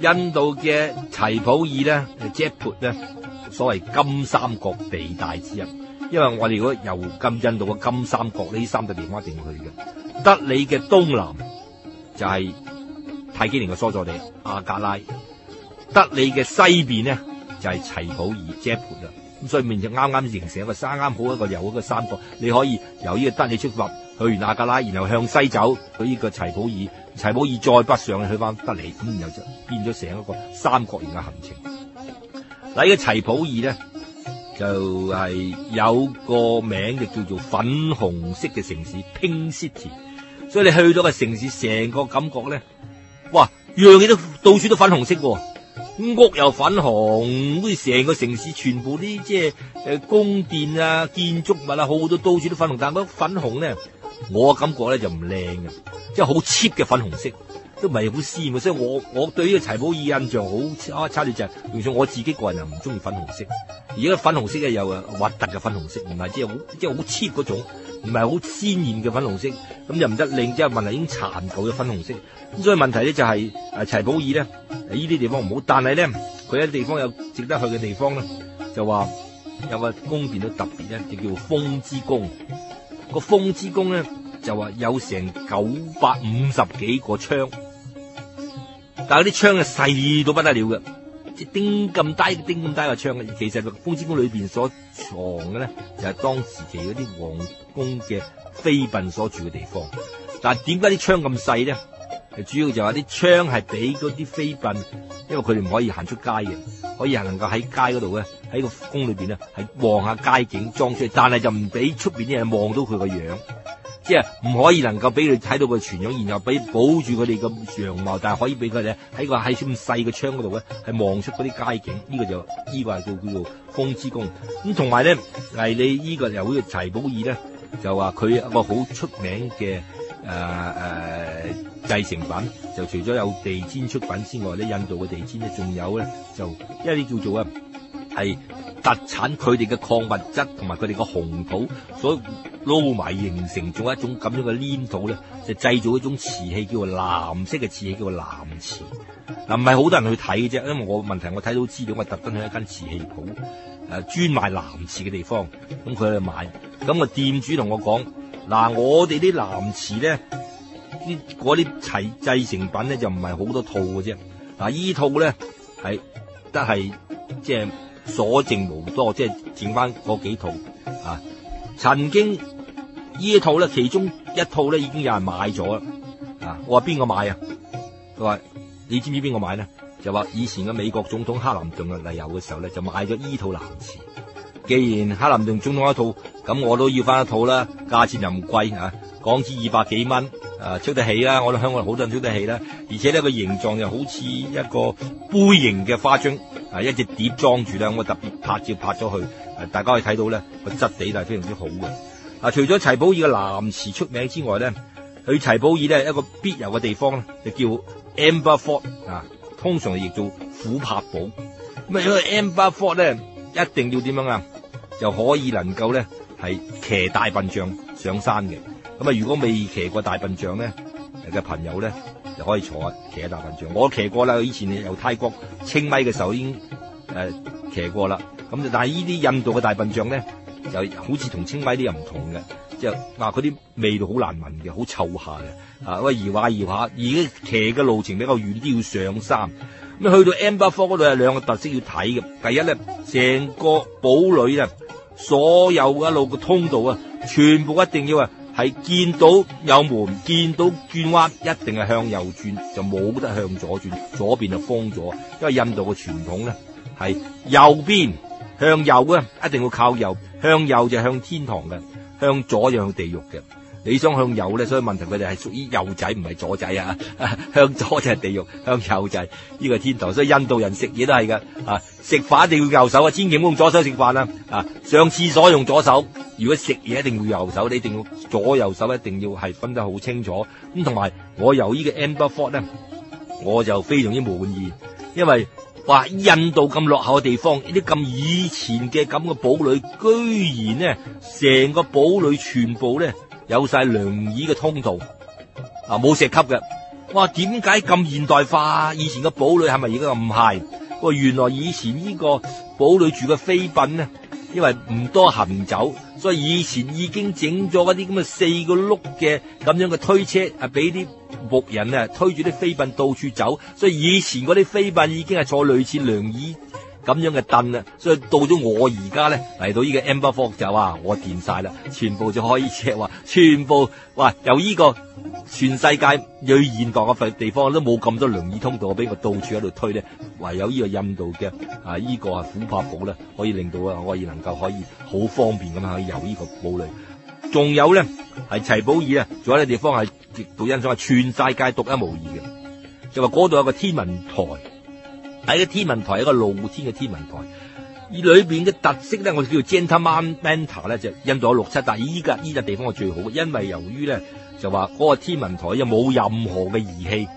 印度嘅齊浦爾咧 Jaipur 咧，所謂金三角地帶之一，因為我哋如果由金印度嘅金三角呢三隻地方一定要去嘅，德里嘅東南就係、是、泰姬陵嘅所在地阿格拉，德里嘅西邊咧就係、是、齊浦爾 Jaipur 啦。所以面就啱啱形成一個三，啱好一個又一個三角，你可以由呢個德里出發去完阿格拉，然後向西走去呢個齊普爾，齊普爾再北上去翻德里，咁然後就變咗成一個三角形嘅行程。嗱，呢個齊普爾咧就係有個名就叫做粉紅色嘅城市 Pink City，所以你去到個城市，成個感覺咧，哇，樣嘢都到處都粉紅色噶、哦。屋又粉紅，好似成個城市全部啲即係誒，宮殿啊、建築物啊，好多到處都粉紅。但係粉紅咧，我感覺咧就唔靚嘅，即係好 cheap 嘅粉紅色。都唔係好鮮，所以我我對呢個齊浦爾印象好差差就盡。用上我自己個人又唔中意粉紅色，而家粉紅色嘅又啊核突嘅粉紅色，唔係即係好即好 cheap 嗰種，唔係好鮮豔嘅粉紅色，咁又唔得令，即、就、係、是、問題已經殘舊嘅粉紅色。咁所以問題咧就係、是、啊齊浦爾咧，呢啲地方唔好，但係咧佢有啲地方有值得去嘅地方咧，就話有個宮殿都特別咧，就叫做風之宮。個風之宮咧就話有成九百五十幾個窗。但係啲窗啊細到不得了嘅，即釘咁低嘅，釘咁低嘅窗。其實《風之宮》裏邊所藏嘅咧，就係、是、當時期嗰啲皇宮嘅妃嬪所住嘅地方。但係點解啲窗咁細咧？係主要就話啲窗係俾嗰啲妃嬪，因為佢哋唔可以行出街嘅，可以係能夠喺街嗰度咧，喺個宮裏邊咧係望下街景裝出嚟，但係就唔俾出邊啲人望到佢個樣。唔可以能夠俾佢睇到個全容，然後俾保住佢哋嘅樣貌，但係可以俾佢哋喺個係咁細嘅窗嗰度咧，係望出嗰啲街景。呢、這個就依、這個叫叫做、這個、風之宮。咁同埋咧，魏你、這個這個、呢個又好似齊浦爾咧，就話佢一個好出名嘅誒誒製成品，就除咗有地毯出品之外咧，印度嘅地毯咧，仲有咧就一啲叫做啊係。特產佢哋嘅礦物質同埋佢哋嘅紅土，所以撈埋形成，仲有一種咁樣嘅黏土咧，就製造一種瓷器，叫做藍色嘅瓷器叫做藍瓷。嗱、啊，唔係好多人去睇嘅啫，因為我問題我睇到資料，我特登去一間瓷器鋪誒，專賣藍瓷嘅地方，咁佢去買，咁啊店主同我講，嗱、啊，我哋啲藍瓷咧，啲嗰啲齊製成品咧就唔係好多套嘅啫，嗱、啊，依套咧係都係即係。是所剩無多，即係剩翻嗰幾套啊！曾經呢一套咧，其中一套咧，已經有人買咗啦啊！我話邊個買啊？佢話你知唔知邊個買咧？就話以前嘅美國總統克林頓嘅嚟遊嘅時候咧，就買咗呢套藍瓷。既然克林頓總統一套，咁我都要翻一套啦，價錢又唔貴啊！港紙二百幾蚊，啊，出得起啦！我哋香港好多人出得起啦。而且呢個形狀又好似一個杯形嘅花樽，啊，一隻碟裝住咧。我特別拍照拍咗去，啊，大家可以睇到咧，個質地係非常之好嘅，啊。除咗齊浦爾嘅藍瓷出名之外咧，去齊浦爾咧，一個必遊嘅地方咧，就叫 Amber Fort 啊。通常亦做琥珀堡。咁因為 Amber Fort 咧，一定要點樣啊？就可以能夠咧係騎大笨象上山嘅。咁啊！如果未騎過大笨象咧，誒嘅朋友咧就可以坐騎大笨象。我騎過啦，以前喺由泰國清邁嘅時候已經誒騎過啦。咁就但係呢啲印度嘅大笨象咧，就好似同清邁啲又唔同嘅，即係話嗰啲味道好難聞嘅，好臭下嘅。啊，我搖下搖下，而家騎嘅路程比較遠啲，要上山。咁去到 Amber Fort 嗰度有兩個特色要睇嘅。第一咧，成個堡壘啊，所有嘅路嘅通道啊，全部一定要啊！係見到有門，見到轉彎，一定係向右轉，就冇得向左轉。左邊就封咗，因為印度嘅傳統咧係右邊向右嘅，一定要靠右，向右就向天堂嘅，向左就向地獄嘅。你想向右咧，所以問題佢哋係屬於右仔，唔係左仔啊！ 向左就係地獄，向右就係呢個天堂。所以印度人食嘢都係噶，啊食飯一定要右手啊，千祈唔好用左手食飯啦，啊，啊上廁所用左手，如果食嘢一定要右手，你一定要左右手一定要係分得好清楚。咁同埋我由呢個 Amber Fort 呢，我就非常之滿意，因為哇印度咁落後嘅地方，呢啲咁以前嘅咁嘅堡壘，居然呢成個堡壘全部呢。有晒涼椅嘅通道，啊冇石級嘅，哇點解咁現代化？以前嘅堡壘係咪而家唔係？喂，原來以前呢個堡壘住嘅妃嬪呢，因為唔多行走，所以以前已經整咗嗰啲咁嘅四個碌嘅咁樣嘅推車，係俾啲僕人啊推住啲妃嬪到處走，所以以前嗰啲妃嬪已經係坐類似涼椅。咁樣嘅燈啊，所以到咗我而家咧，嚟到呢個 Amber Fort 就話我電晒啦，全部就可以赤話，全部喂由呢個全世界最現代嘅地方都冇咁多輪椅通道，畀俾我到處喺度推咧，唯有呢個印度嘅啊呢、這個係琥珀堡咧，可以令到啊我而能夠可以好方便咁去遊呢個堡壘，仲有咧係齊浦爾啊，仲有一個地方係極度欣賞，係全世界獨一無二嘅，就話嗰度有個天文台。喺個天文台，一個露天嘅天文台，而裏邊嘅特色咧，我哋叫做 Gentleman Mentor 咧，就印度有六七笪。依家依笪地方我最好，因為由於咧就話嗰個天文台又冇任何嘅儀器，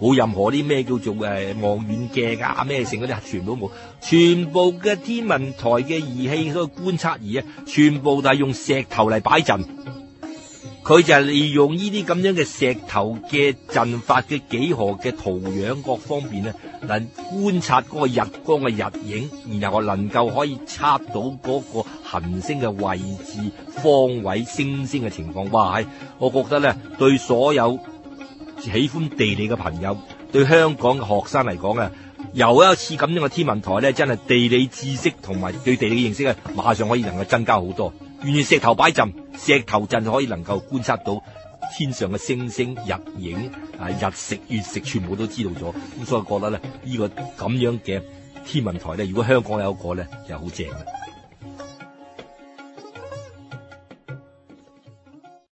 冇任何啲咩叫做誒、呃、望遠鏡啊咩剩嗰啲，全部冇。全部嘅天文台嘅儀器嗰個觀測儀啊，全部都係用石頭嚟擺陣。佢就係利用呢啲咁樣嘅石頭嘅陣法嘅幾何嘅圖樣，各方面。啊。能觀察嗰個日光嘅日影，然後我能夠可以測到嗰個行星嘅位置方位、星星嘅情況。哇！我覺得咧，對所有喜歡地理嘅朋友，對香港嘅學生嚟講啊，又一次咁樣嘅天文台咧，真係地理知識同埋對地理嘅認識啊，馬上可以能夠增加好多。原來石頭擺陣，石頭陣就可以能夠觀察到。天上嘅星星日影啊，日食月食，全部都知道咗。咁所以覺得咧、這個，呢個咁樣嘅天文台咧，如果香港有一個咧，又好正。